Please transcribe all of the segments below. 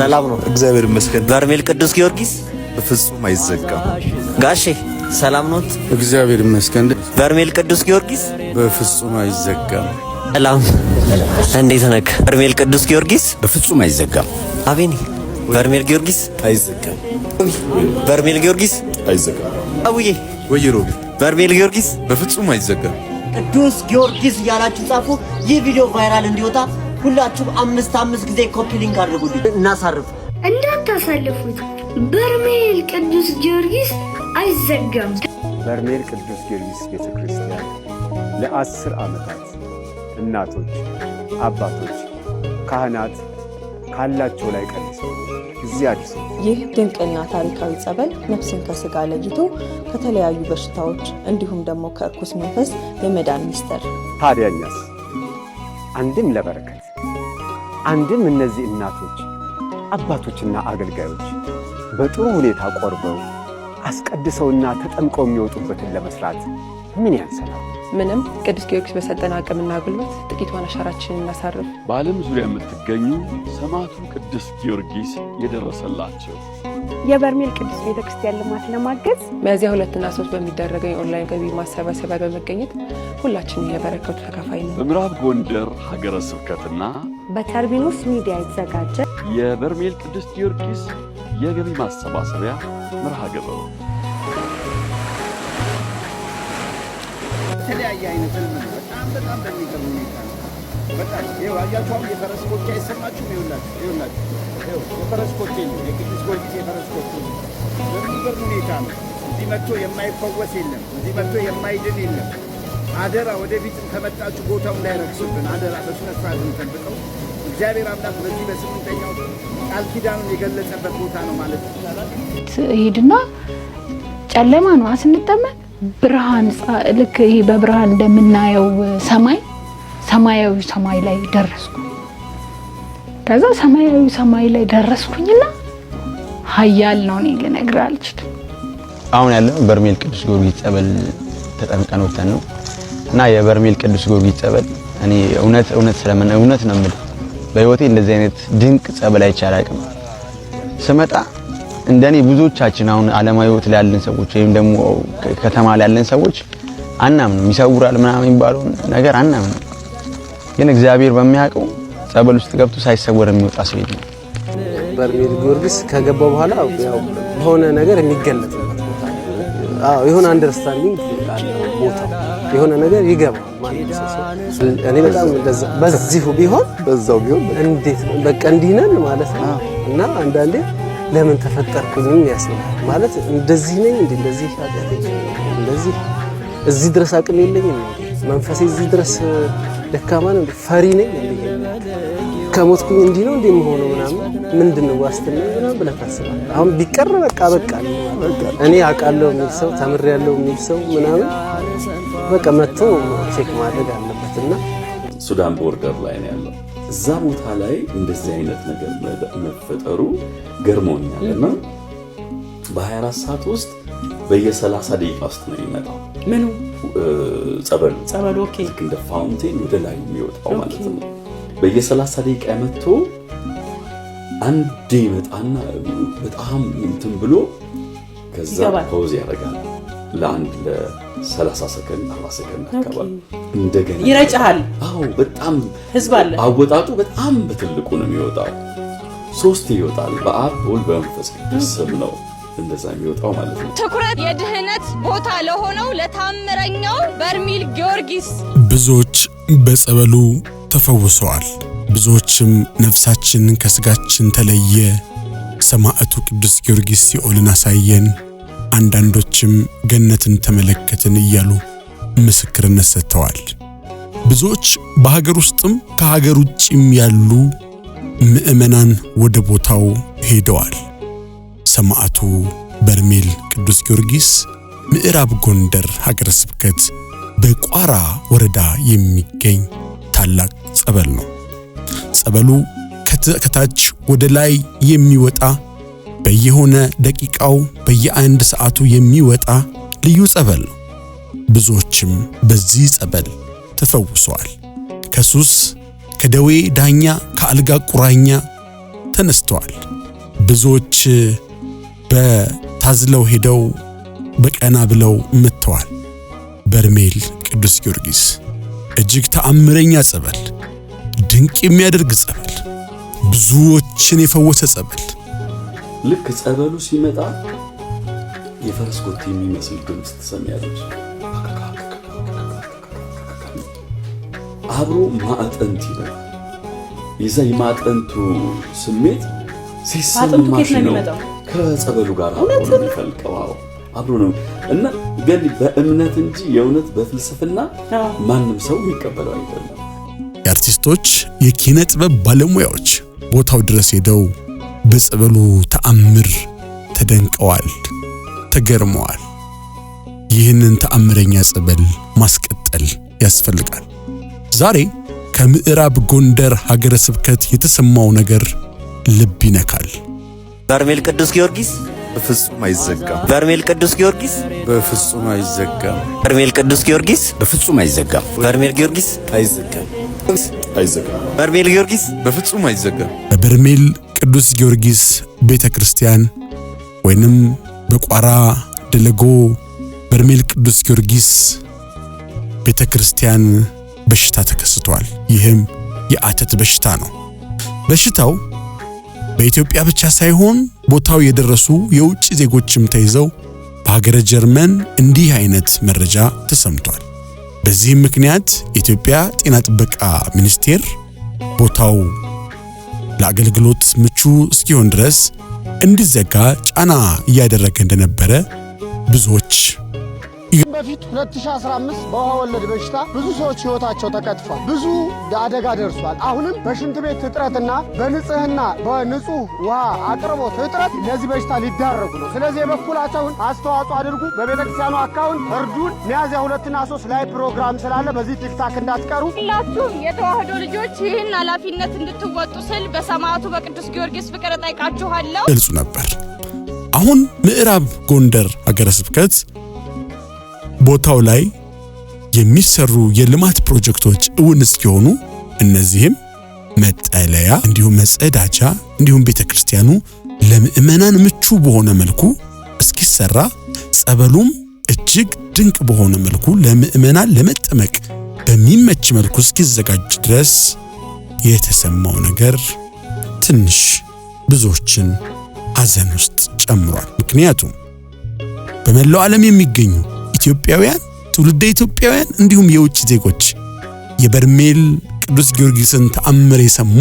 ሰላም ነው፣ እግዚአብሔር ይመስገን። በርሜል ቅዱስ ጊዮርጊስ በፍጹም አይዘጋም። ጋሼ ሰላም ኖት? እግዚአብሔር ይመስገን። በርሜል ቅዱስ ጊዮርጊስ በፍጹም አይዘጋም። ሰላም እንዴት ነህ? በርሜል ቅዱስ ጊዮርጊስ በፍጹም አይዘጋም። አቤኔ በርሜል ጊዮርጊስ አይዘጋም። በርሜል ጊዮርጊስ አይዘጋም። አቡዬ ወይሮ በርሜል ጊዮርጊስ በፍጹም አይዘጋም። ቅዱስ ጊዮርጊስ እያላችሁ ጻፉ። ይህ ቪዲዮ ቫይራል እንዲወጣ ሁላችሁ አምስት አምስት ጊዜ ኮፒ ሊንክ አድርጉልኝ እናሳርፍ። እንዳታሳልፉት። በርሜል ቅዱስ ጊዮርጊስ አይዘጋም። በርሜል ቅዱስ ጊዮርጊስ ቤተ ክርስቲያን ለአስር ዓመታት እናቶች፣ አባቶች፣ ካህናት ካላቸው ላይ ቀንሰ እዚህ አዲስ ይህ ድንቅና ታሪካዊ ጸበል ነፍስን ከስጋ ለይቶ ከተለያዩ በሽታዎች እንዲሁም ደግሞ ከእርኩስ መንፈስ የመዳን ሚስጥር ታዲያኛስ አንድም ለበረከት አንድም እነዚህ እናቶች አባቶችና አገልጋዮች በጥሩ ሁኔታ ቆርበው አስቀድሰውና ተጠምቀው የሚወጡበትን ለመስራት ምን ያንሰናል? ምንም። ቅዱስ ጊዮርጊስ በሰጠን አቅምና ጉልበት ጥቂቷን አሻራችንን እናሳርፍ። በዓለም ዙሪያ የምትገኙ ሰማዕቱ ቅዱስ ጊዮርጊስ የደረሰላቸው የበርሜል ቅዱስ ቤተክርስቲያን ልማት ለማገዝ ሚያዝያ ሁለትና ሶስት በሚደረገው የኦንላይን ገቢ ማሰባሰቢያ በመገኘት ሁላችንም የበረከቱ ተካፋይ ነው። በምዕራብ ጎንደር ሀገረ ስብከትና በተርቢኑስ ሚዲያ የተዘጋጀ የበርሜል ቅዱስ ጊዮርጊስ የገቢ ማሰባሰቢያ መርሃ ግብር የተለያየ አይነት ህልም በጣም በጣም በሚገርም ሁኔታ ነው። በጣም ይኸው አያችሁ፣ የፈረስ ኮቴ አይሰማችሁም? ይኸውላችሁ፣ ይኸውላችሁ፣ የፈረስ ኮቴ ነው፣ የቅዱስ ጊዮርጊስ የፈረስ ኮቴ ነው። በሚገርም ሁኔታ ነው። እዚህ መጥቶ የማይፈወስ የለም። እዚህ መጥቶ የማይድን የለም። አደራ ወደፊትም ከመጣችሁ ቦታው እንዳይረግሱብን አደራ በስነ ስርዓት እንጠብቀው። እግዚአብሔር አምላክ በዚህ በስምንተኛው ቃል ኪዳኑን የገለጸበት ቦታ ነው ማለት ይቻላል። ሄድና ጨለማ ነው ስንጠመቅ ብርሃን፣ ልክ ይሄ በብርሃን እንደምናየው ሰማይ ሰማያዊ ሰማይ ላይ ደረስኩ። ከዛ ሰማያዊ ሰማይ ላይ ደረስኩኝና ሀያል ነው እኔ ልነግርህ አልችልም። አሁን ያለነው በርሜል ቅዱስ ጊዮርጊስ ጸበል ተጠምቀን ወተን ነው እና የበርሜል ቅዱስ ጊዮርጊስ ጸበል እኔ እውነት እውነት ስለምን እውነት ነው የምልህ፣ በህይወቴ እንደዚህ አይነት ድንቅ ጸበል አይቻላቅም። ስመጣ እንደኔ ብዙዎቻችን አሁን ዓለማዊ ህይወት ላይ ያለን ሰዎች ወይም ደግሞ ከተማ ላይ ያለን ሰዎች አናምንም፣ ይሰውራል ምናምን የሚባለውን ነገር አናምንም። ግን እግዚአብሔር በሚያውቀው ጸበል ውስጥ ገብቶ ሳይሰወር የሚወጣ ሰው የለም። በርሜል ጊዮርጊስ ከገባ በኋላ ያው በሆነ ነገር የሚገለጥ አዎ የሆነ አንደርስታንዲንግ ቦታው የሆነ ነገር ይገባል። እኔ በጣም በዚሁ ቢሆን በዛው ቢሆን እንዴት በቃ እንዲህ ነን ማለት ነው እና አንዳንዴ ለምን ተፈጠርኩኝ ያስብላል ማለት እንደዚህ ነኝ እንዴ እንደዚህ እንደዚህ እዚህ ድረስ አቅም የለኝም መንፈሴ እዚህ ድረስ ደካማ ነው ፈሪ ነኝ እንዴ ከሞትኩኝ እንዲህ ነው እንዴ የምሆነው ምናምን ምንድን ነው ዋስትና ምናምን ብለህ ታስባለህ አሁን ቢቀር በቃ በቃ እኔ አውቃለሁ የሚል ሰው ተምሬያለሁ የሚል ሰው ምናምን በቃ መጥቶ ቼክ ማድረግ አለበት እና ሱዳን ቦርደር ላይ ነው ያለው። እዛ ቦታ ላይ እንደዚህ አይነት ነገር መፈጠሩ ገርሞኛል እና በ24 ሰዓት ውስጥ በየ30 ደቂቃ ውስጥ ነው የሚመጣው። ምኑ ጸበሉ ጸበሉ ልክ እንደ ፋውንቴን ወደ ላይ የሚወጣው ማለት ነው። በየ30 ደቂቃ መጥቶ አንዴ ይመጣና በጣም እንትን ብሎ ከዛ ፖዝ ያደርጋል ለአንድ ለ 30 ሰከንድ 40 ሰከንድ አካባቢ እንደገና ይረጫል። አዎ በጣም ህዝብ አለ። አወጣጡ በጣም በትልቁ ነው የሚወጣው። ሶስት ይወጣል። በአብ በወልድ በመንፈስ ቅዱስ ስም ነው እንደዛ የሚወጣው ማለት ነው። ትኩረት የድህነት ቦታ ለሆነው ለታምረኛው በርሚል ጊዮርጊስ። ብዙዎች በጸበሉ ተፈውሰዋል። ብዙዎችም ነፍሳችን ከስጋችን ተለየ፣ ሰማዕቱ ቅዱስ ጊዮርጊስ ሲኦልን አሳየን አንዳንዶችም ገነትን ተመለከትን እያሉ ምስክርነት ሰጥተዋል። ብዙዎች በሀገር ውስጥም ከሀገር ውጭም ያሉ ምዕመናን ወደ ቦታው ሄደዋል። ሰማዕቱ በርሜል ቅዱስ ጊዮርጊስ ምዕራብ ጎንደር ሀገረ ስብከት በቋራ ወረዳ የሚገኝ ታላቅ ጸበል ነው። ጸበሉ ከታች ወደ ላይ የሚወጣ በየሆነ ደቂቃው በየአንድ ሰዓቱ የሚወጣ ልዩ ጸበል ነው። ብዙዎችም በዚህ ጸበል ተፈውሰዋል። ከሱስ ከደዌ ዳኛ ከአልጋ ቁራኛ ተነስተዋል። ብዙዎች በታዝለው ሄደው በቀና ብለው መጥተዋል። በርሜል ቅዱስ ጊዮርጊስ እጅግ ተአምረኛ ጸበል፣ ድንቅ የሚያደርግ ጸበል፣ ብዙዎችን የፈወሰ ጸበል ልክ ጸበሉ ሲመጣ የፈረስ ኮቴ የሚመስል ድምፅ ትሰሚያለች። አብሮ ማዕጠንት ይላል። የዛ የማዕጠንቱ ስሜት ሲሰማሽ ነው ከጸበሉ ጋር አብሮ የሚፈልቀው አብሮ ነው እና ግን በእምነት እንጂ የእውነት በፍልስፍና ማንም ሰው ይቀበለው አይደለም። የአርቲስቶች የኪነ ጥበብ ባለሙያዎች ቦታው ድረስ ሄደው በጸበሉ ተአምር ተደንቀዋል፣ ተገርመዋል። ይህንን ተአምረኛ ጸበል ማስቀጠል ያስፈልጋል። ዛሬ ከምዕራብ ጎንደር ሀገረ ስብከት የተሰማው ነገር ልብ ይነካል። በርሜል ቅዱስ ጊዮርጊስ በፍጹም አይዘጋም። በርሜል ቅዱስ ጊዮርጊስ በፍጹም አይዘጋም። በርሜል ቅዱስ ጊዮርጊስ በፍጹም አይዘጋም። በርሜል ጊዮርጊስ አይዘጋም። አይዘጋም። በርሜል ጊዮርጊስ በፍጹም አይዘጋም። በበርሜል ቅዱስ ጊዮርጊስ ቤተ ክርስቲያን ወይንም በቋራ ደለጎ በርሜል ቅዱስ ጊዮርጊስ ቤተ ክርስቲያን በሽታ ተከስቷል። ይህም የአተት በሽታ ነው። በሽታው በኢትዮጵያ ብቻ ሳይሆን ቦታው የደረሱ የውጭ ዜጎችም ተይዘው በሀገረ ጀርመን እንዲህ አይነት መረጃ ተሰምቷል። በዚህም ምክንያት የኢትዮጵያ ጤና ጥበቃ ሚኒስቴር ቦታው ለአገልግሎት ምቹ እስኪሆን ድረስ እንዲዘጋ ጫና እያደረገ እንደነበረ ብዙዎች በፊት 2015 በውሃ ወለድ በሽታ ብዙ ሰዎች ህይወታቸው ተቀጥፏል። ብዙ አደጋ ደርሷል። አሁንም በሽንት ቤት እጥረትና በንጽህና በንጹህ ውሃ አቅርቦት እጥረት ለዚህ በሽታ ሊዳረጉ ነው። ስለዚህ የበኩላቸውን አስተዋጽኦ አድርጉ። በቤተክርስቲያኑ አካውንት እርዱን። ሚያዝያ ሁለትና ሶስት ላይ ፕሮግራም ስላለ በዚህ ቲክታክ እንዳትቀሩ። ሁላችሁም የተዋህዶ ልጆች ይህን ኃላፊነት እንድትወጡ ስል በሰማዕቱ በቅዱስ ጊዮርጊስ ፍቅር እጠይቃችኋለሁ። እልጹ ነበር። አሁን ምዕራብ ጎንደር ሀገረ ስብከት ቦታው ላይ የሚሰሩ የልማት ፕሮጀክቶች እውን እስኪሆኑ እነዚህም መጠለያ እንዲሁም መጸዳጃ እንዲሁም ቤተ ክርስቲያኑ ለምእመናን ምቹ በሆነ መልኩ እስኪሰራ ጸበሉም እጅግ ድንቅ በሆነ መልኩ ለምእመናን ለመጠመቅ በሚመች መልኩ እስኪዘጋጅ ድረስ የተሰማው ነገር ትንሽ ብዙዎችን አዘን ውስጥ ጨምሯል። ምክንያቱም በመላው ዓለም የሚገኙ ኢትዮጵያውያን፣ ትውልደ ኢትዮጵያውያን እንዲሁም የውጭ ዜጎች የበርሜል ቅዱስ ጊዮርጊስን ተአምር የሰሙ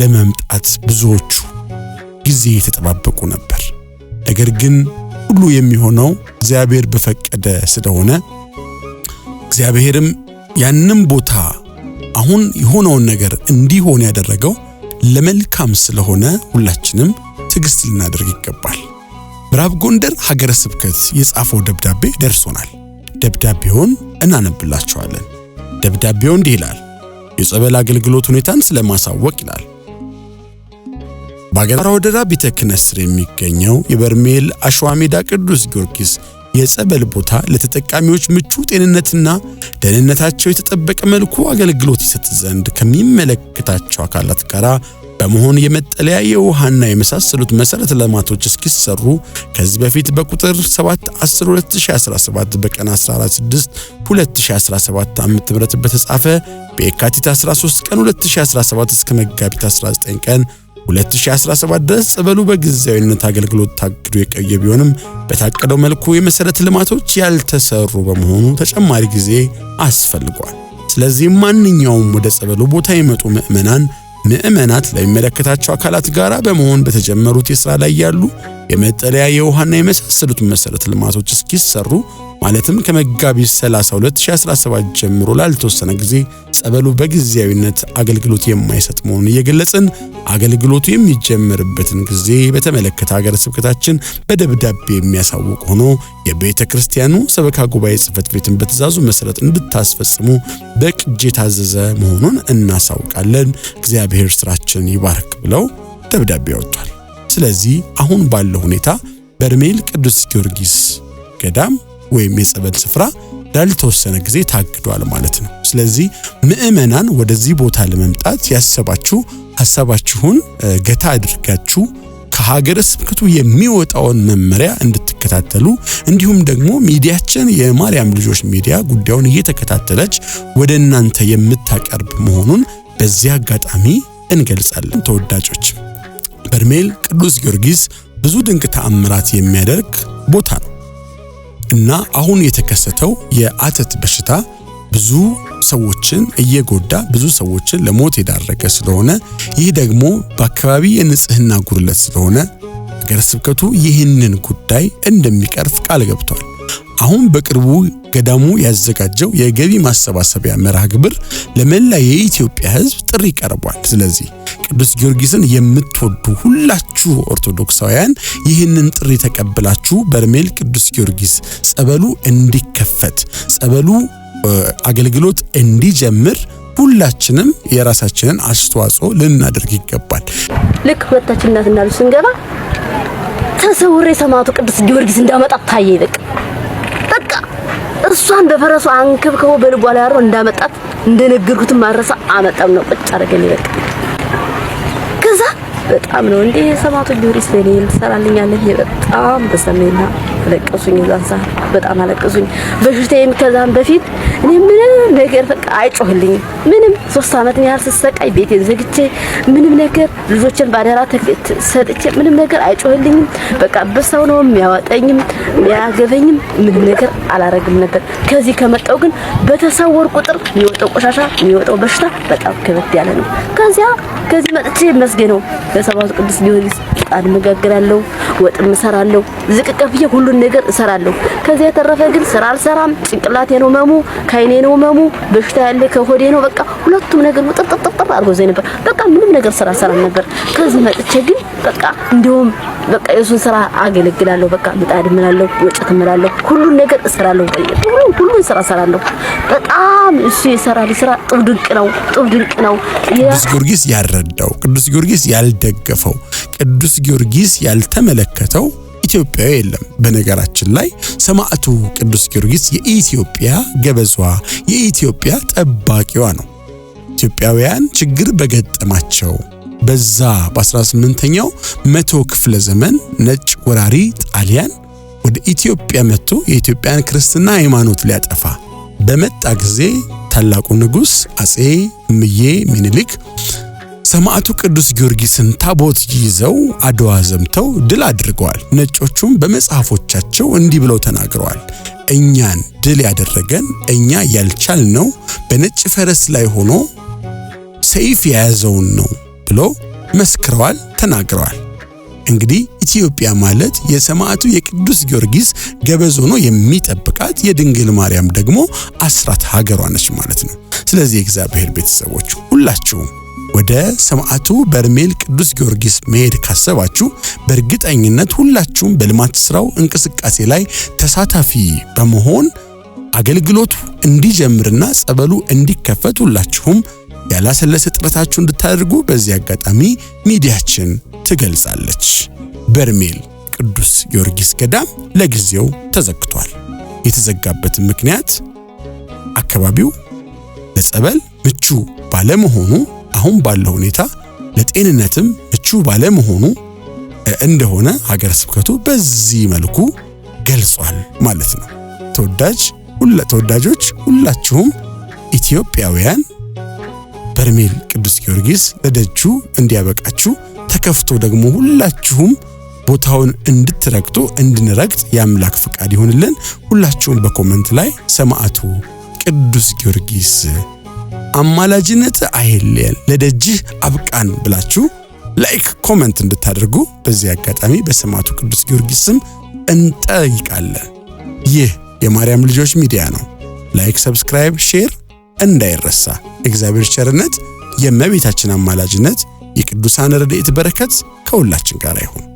ለመምጣት ብዙዎቹ ጊዜ የተጠባበቁ ነበር። ነገር ግን ሁሉ የሚሆነው እግዚአብሔር በፈቀደ ስለሆነ እግዚአብሔርም ያንም ቦታ አሁን የሆነውን ነገር እንዲሆን ያደረገው ለመልካም ስለሆነ ሁላችንም ትዕግስት ልናደርግ ይገባል። ምዕራብ ጎንደር ሀገረ ስብከት የጻፈው ደብዳቤ ደርሶናል። ደብዳቤውን እናነብላችኋለን። ደብዳቤው እንዲህ ይላል። የጸበል አገልግሎት ሁኔታን ስለማሳወቅ ይላል። በአገራ ወደራ ቤተ ክህነት ስር የሚገኘው የበርሜል አሸዋ ሜዳ ቅዱስ ጊዮርጊስ የጸበል ቦታ ለተጠቃሚዎች ምቹ ጤንነትና ደህንነታቸው የተጠበቀ መልኩ አገልግሎት ይሰጥ ዘንድ ከሚመለከታቸው አካላት ጋር በመሆን የመጠለያ የውሃና የመሳሰሉት መሰረተ ልማቶች እስኪሰሩ ከዚህ በፊት በቁጥር 712017 በቀን 146 2017 ዓ.ም በተጻፈ በየካቲት 13 ቀን 2017 እስከ መጋቢት 19 ቀን 2017 ድረስ ጸበሉ በጊዜያዊነት አገልግሎት ታግዶ የቆየ ቢሆንም በታቀደው መልኩ የመሰረተ ልማቶች ያልተሰሩ በመሆኑ ተጨማሪ ጊዜ አስፈልጓል። ስለዚህም ማንኛውም ወደ ጸበሉ ቦታ የመጡ ምዕመናን ምዕመናት ለሚመለከታቸው አካላት ጋር በመሆን በተጀመሩት የሥራ ላይ ያሉ የመጠለያ የውሃና የመሳሰሉት መሰረተ ልማቶች እስኪሰሩ ማለትም ከመጋቢት 30 2017 ጀምሮ ላልተወሰነ ጊዜ ጸበሉ በጊዜያዊነት አገልግሎት የማይሰጥ መሆኑን እየገለጽን አገልግሎቱ የሚጀመርበትን ጊዜ በተመለከተ ሀገረ ስብከታችን በደብዳቤ የሚያሳውቅ ሆኖ የቤተ ክርስቲያኑ ሰበካ ጉባኤ ጽሕፈት ቤትን በትእዛዙ መሰረት እንድታስፈጽሙ በቅጅ የታዘዘ መሆኑን እናሳውቃለን። እግዚአብሔር ስራችን ይባርክ ብለው ደብዳቤ ወጥቷል። ስለዚህ አሁን ባለው ሁኔታ በርሜል ቅዱስ ጊዮርጊስ ገዳም ወይም የጸበል ስፍራ ላልተወሰነ ጊዜ ታግዷል ማለት ነው። ስለዚህ ምዕመናን ወደዚህ ቦታ ለመምጣት ያሰባችሁ ሀሳባችሁን ገታ አድርጋችሁ ከሀገረ ስብከቱ የሚወጣውን መመሪያ እንድትከታተሉ እንዲሁም ደግሞ ሚዲያችን የማርያም ልጆች ሚዲያ ጉዳዩን እየተከታተለች ወደ እናንተ የምታቀርብ መሆኑን በዚህ አጋጣሚ እንገልጻለን። ተወዳጆች በርሜል ቅዱስ ጊዮርጊስ ብዙ ድንቅ ተአምራት የሚያደርግ ቦታ ነው። እና አሁን የተከሰተው የአተት በሽታ ብዙ ሰዎችን እየጎዳ ብዙ ሰዎችን ለሞት የዳረገ ስለሆነ ይህ ደግሞ በአካባቢ የንጽህና ጉድለት ስለሆነ ሀገረ ስብከቱ ይህንን ጉዳይ እንደሚቀርፍ ቃል ገብቷል። አሁን በቅርቡ ገዳሙ ያዘጋጀው የገቢ ማሰባሰቢያ መርሃ ግብር ለመላ የኢትዮጵያ ሕዝብ ጥሪ ቀርቧል። ስለዚህ ቅዱስ ጊዮርጊስን የምትወዱ ሁላችሁ ኦርቶዶክሳውያን ይህንን ጥሪ ተቀብላችሁ በርሜል ቅዱስ ጊዮርጊስ ጸበሉ እንዲከፈት ጸበሉ አገልግሎት እንዲጀምር ሁላችንም የራሳችንን አስተዋጽኦ ልናደርግ ይገባል። ልክ ሁለታችን እናት እና ልጅ ስንገባ ተሰውሬ ሰማዕቱ ቅዱስ ጊዮርጊስ እንዳመጣ ታየ። በቃ በቃ እሷን በፈረሱ አንከብክቦ በልቧ ላይ አድሮ እንዳመጣት እንደነገርኩትም ማረሳ አመጣም ነው ቁጭ አደረገኝ በቃ በጣም ነው እንዴ ሰማቱ ጊዮርጊስ ለኔ ትሰራልኛለህ? በጣም በሰሜና አለቀሱኝ። እዛን ሰዓት በጣም አለቀሱኝ። በሽታዬም ከዛም በፊት እኔ ምንም ነገር በቃ አይጮህልኝም። ምንም ሶስት አመት ያህል ስሰቃይ ቤቴን ዘግቼ ምንም ነገር ልጆችን ባደራ ሰጥቼ ምንም ነገር አይጮህልኝም። በቃ በሰው ነው የሚያወጠኝም የሚያገበኝም ምንም ነገር አላረግም ነበር። ከዚህ ከመጣው ግን በተሰወር ቁጥር የሚወጣው ቆሻሻ የሚወጣው በሽታ በጣም ከበድ ያለ ነው። ከዚያ ከዚህ መጥቼ መስገነው ለሰባቱ ቅዱስ ጊዮርጊስ ጣን መጋግራለሁ፣ ወጥም እሰራለሁ፣ ዝቅ ከፍዬ ሁሉን ነገር እሰራለሁ። ከዚያ የተረፈ ግን ስራ አልሰራም። ጭንቅላቴ ነው መሙ፣ ከአይኔ ነው መሙ፣ በሽታ ያለ ከሆዴ ነው። በቃ ሁለቱም ነገር ውጥርጥርጥር አድርጎ ዘይ ነበር። በቃ ምንም ነገር ስራ አልሰራም ነበር። ከዚህ መጥቼ ግን በቃ እንደውም በቃ የሱን ስራ አገለግላለሁ። በቃ ምጣድ ምላለሁ፣ ወጭት ምላለሁ፣ ሁሉን ነገር እሰራለሁ። ሁሉን ስራ እሰራለሁ በጣም በጣም እሱ የሰራ ስራ ጥብድቅ ነው፣ ድንቅ ነው። ቅዱስ ጊዮርጊስ ያልረዳው፣ ቅዱስ ጊዮርጊስ ያልደገፈው፣ ቅዱስ ጊዮርጊስ ያልተመለከተው ኢትዮጵያዊ የለም። በነገራችን ላይ ሰማዕቱ ቅዱስ ጊዮርጊስ የኢትዮጵያ ገበዟ፣ የኢትዮጵያ ጠባቂዋ ነው። ኢትዮጵያውያን ችግር በገጠማቸው በዛ በ18ኛው መቶ ክፍለ ዘመን ነጭ ወራሪ ጣሊያን ወደ ኢትዮጵያ መጥቶ የኢትዮጵያን ክርስትና ሃይማኖት ሊያጠፋ በመጣ ጊዜ ታላቁ ንጉሥ አጼ ምዬ ምኒልክ ሰማዕቱ ቅዱስ ጊዮርጊስን ታቦት ይዘው አድዋ ዘምተው ድል አድርገዋል። ነጮቹም በመጽሐፎቻቸው እንዲህ ብለው ተናግረዋል። እኛን ድል ያደረገን እኛ ያልቻልነው በነጭ ፈረስ ላይ ሆኖ ሰይፍ የያዘውን ነው ብሎ መስክረዋል፣ ተናግረዋል። እንግዲህ ኢትዮጵያ ማለት የሰማዕቱ የቅዱስ ጊዮርጊስ ገበዝ ሆኖ የሚጠብቃት የድንግል ማርያም ደግሞ አስራት ሀገሯ ነች ማለት ነው። ስለዚህ የእግዚአብሔር ቤተሰቦች ሁላችሁም ወደ ሰማዕቱ በርሜል ቅዱስ ጊዮርጊስ መሄድ ካሰባችሁ በእርግጠኝነት ሁላችሁም በልማት ስራው እንቅስቃሴ ላይ ተሳታፊ በመሆን አገልግሎቱ እንዲጀምርና ጸበሉ እንዲከፈት ሁላችሁም ያላሰለሰ ጥረታችሁ እንድታደርጉ በዚህ አጋጣሚ ሚዲያችን ትገልጻለች። በርሜል ቅዱስ ጊዮርጊስ ገዳም ለጊዜው ተዘግቷል። የተዘጋበት ምክንያት አካባቢው ለጸበል ምቹ ባለመሆኑ አሁን ባለው ሁኔታ ለጤንነትም ምቹ ባለመሆኑ እንደሆነ ሀገረ ስብከቱ በዚህ መልኩ ገልጿል ማለት ነው። ተወዳጅ ሁላ ተወዳጆች ሁላችሁም ኢትዮጵያውያን በርሜል ቅዱስ ጊዮርጊስ ለደጁ እንዲያበቃችሁ ተከፍቶ ደግሞ ሁላችሁም ቦታውን እንድትረግጡ እንድንረግጥ የአምላክ ፈቃድ ይሆንልን። ሁላችሁም በኮመንት ላይ ሰማዕቱ ቅዱስ ጊዮርጊስ አማላጅነት አይለየን፣ ለደጅህ አብቃን ብላችሁ ላይክ ኮመንት እንድታደርጉ በዚህ አጋጣሚ በሰማዕቱ ቅዱስ ጊዮርጊስ ስም እንጠይቃለን። ይህ የማርያም ልጆች ሚዲያ ነው። ላይክ፣ ሰብስክራይብ፣ ሼር እንዳይረሳ እግዚአብሔር ቸርነት፣ የእመቤታችን አማላጅነት፣ የቅዱሳን ረድኤት በረከት ከሁላችን ጋር ይሁን።